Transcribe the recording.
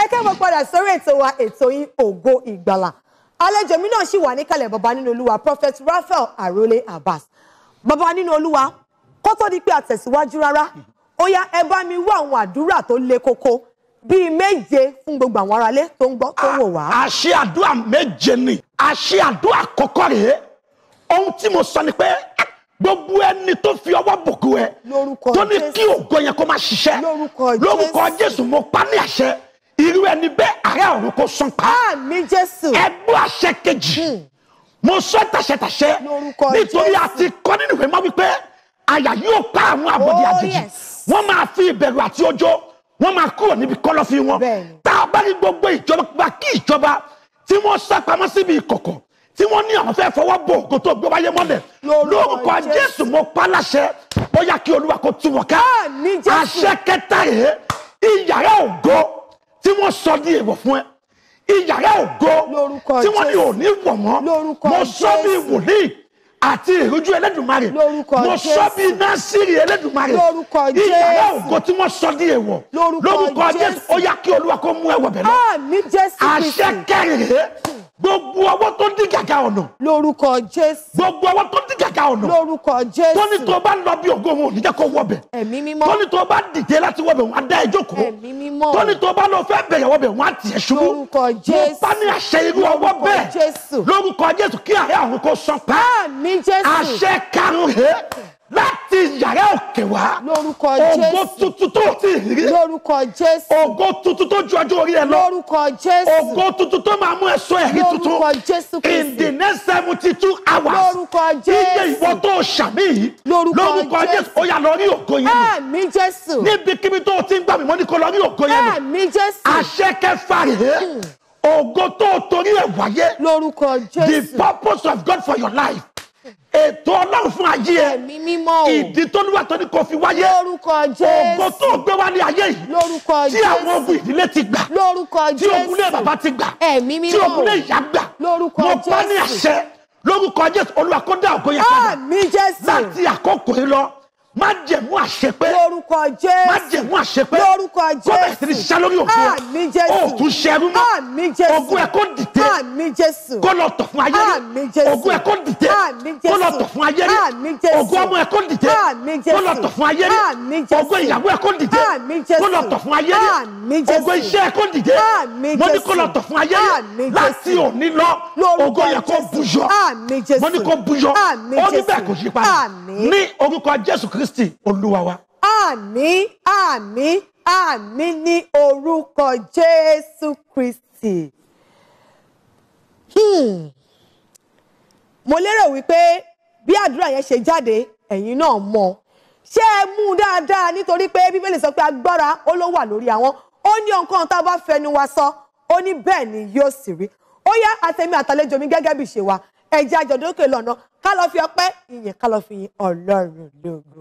ẹ kẹ́wọ́ padà sórí ètò wa ètò yín ògo ìgbàlà àlejò mi náà sì wà níkàlẹ̀ bàbá nínú olúwa prophet Raphael Arole Abbas bàbá nínú olúwa kó tó di pé a tẹ̀síwájú rárá ó yá ẹ bá mi wá àwọn àdúrà tó le koko bíi méje fún gbogbo àwọn aráalé tó ń gbọ́ tó wò wá. àṣẹ àdúrà méje ni àṣẹ àdúrà àkọ́kọ́ rèé ohun tí mo sọ ni pé gbogbo ẹni tó fi ọwọ́ bùkún ẹ tó ní kí ògo yẹn kó má ṣiṣẹ́ lórúkọ Jésù mo pa ní àṣẹ irú ẹni bẹ́ẹ̀ àárẹ̀ ọ̀run kò sàn pa. àmín jésù. ẹ bú àṣẹ kejì. Hmm. mo sọ tàṣẹtàṣẹ nítorí a ti kọ́ nínú ìwé mọ́ wípé àyà yóò pa àwọn àbòdì oh, àjèjì wọ́n máa fi ìbẹ̀rù àti ọjọ́ wọ́n máa kúrò níbi kọ́lọ́fín wọn. tá a bá ní gbogbo ìjọba kí ìjọba tí wọ́n sá pamọ́ síbi ìkọ̀kọ̀ tí wọ́n ní àwọn fẹ́ fọwọ́ bò kó tó gbé wáyé mọ́lẹ̀ lórúkọ jésù mo pa láṣẹ bóyá kí olúwa kó tú ká àṣẹ kẹta rèé ìyàrá ògo sọ di èèwọ̀ fún ẹ ìyàrá ògo tí wọ́n ní òní wọ̀ mọ́ mo sọ bí wòlíì àti ìrújú ẹlẹ́dùnmarè mo sọ bí násìrì ẹlẹ́dùnmarè ìyàrá ògo tí wọ́n sọ di èèwọ̀ lórúkọ Jésù ó yá kí olúwa kó mú ẹwọ̀ bẹ̀ lọ àṣẹ kẹrìnrè gbogbo ọwọ́ tó dí gàgà ọ̀nà lórúkọ Jésù gbogbo ọwọ́ tó d ya ọ̀nà. lórúkọ jésù. tó ní tó bá lọ bí ògo wọn ò ní jẹ́ kó wọbẹ̀. ẹ̀mí mímọ́. tó ní tó bá dìde láti wọbẹ̀ wọn á dá ẹjọ́ kó. ẹ̀mí mímọ́. tó ní tó bá lọ fẹ́ bẹ̀yẹ̀ wọbẹ̀ wọn á tiẹ̀ ṣubú. lórúkọ jésù. mo bá ní àṣẹ irú ọwọ́ bẹ́ẹ̀. lórúkọ jésù. lórúkọ jésù kí àyà àwọn kò sọ pé. àmín jésù. àṣẹ karùn-ún láti yàrá òkè wá. lórúkọ jésù ògo tuntun tó ti rí. lórúkọ jésù ògo tuntun tó ju ọjọ́ orí ẹ lọ. lórúkọ jésù ògo tuntun tó máa mú ẹ̀sọ́ ẹ̀rí tuntun. lórúkọ jésù kristu in the next seventy two hours. lórúkọ jésù iye ìwọ tó sàmì yìí. lórúkọ jésù ó yà lọ rí ògo yẹn nù. àmì jésù níbikíbi tó o ti ń gbà mí mọ́ ní kò lọ rí ògo yẹn nù. àmì jésù àṣẹ kẹfà rèé hmm. ògo tó o torí ẹ̀ wáyé. lórúkọ jésù the purpose of God for your life ètò ọlọ́run fún ayé ẹ ìdí tó níwà tó ní kò fi wáyé ògo tó gbé wá ní ayé yìí tí àwọn ogun ìdílé ti gbà tí ogunlé bàbá ti gbà tí ogunlé ìyá gbà mo bá ní àṣẹ lórúkọ Jésù Olúwa kó dá ògo yẹn padà láti àkókò yìí lọ má jẹ̀mú àṣepẹ́ lórúkọ Jésù má jẹ̀mú àṣepẹ́ lórúkọ Jésù kọ́bẹ̀sì ní sálórí ògo òtún ṣẹ́rú mọ́ ògo ẹ̀ kó dì àmì jésù. kó lọ tọ̀ fún ayé rí. àmì jésù. ògùn ẹ̀ kó dìde. àmì jésù. kó lọ tọ̀ fún ayé rí. àmì jésù. ògùn ọmọ ẹ̀ kó dìde. àmì jésù. kó lọ tọ̀ fún ayé rí. àmì jésù. ògùn ìyàwó ẹ̀ kó dìde. àmì jésù. kó lọ tọ̀ fún ayé rí. àmì jésù. ògùn iṣẹ́ ẹ̀ kó dìde. àmì jésù. mo ní kó lọ tọ̀ fún ayé rí. láti òní lọ. ògùn ẹ̀ kó bujọ. àmì jésù. mo ní kó bujọ. àmì jésù. ó ní bẹ́ẹ̀ kò sí pa. àmì. ní orúkọ jésù kristi olúwa wa. àmì àmì àmì ní orúkọ jésù kristi. Hmm. mo lérò wípé bí àdúrà yẹn ṣe jáde ẹ̀yin náà mọ̀ ṣé ẹ mú un dáadáa nítorí pé bíbélì sọ pé agbára ó ló wà lórí àwọn ó ní nǹkan tá a bá fẹnu wa sọ ó ní bẹ́ẹ̀ ni yóò sì rí ó yá àtẹ̀mí àtàlejò mi gẹ́gẹ́ bí ṣe wà ẹ̀jẹ̀ àjọ̀dún òkè lọ́nà ká lọ fi ọpẹ́ ìyẹn ká lọ fi Ọlọ́run lógo.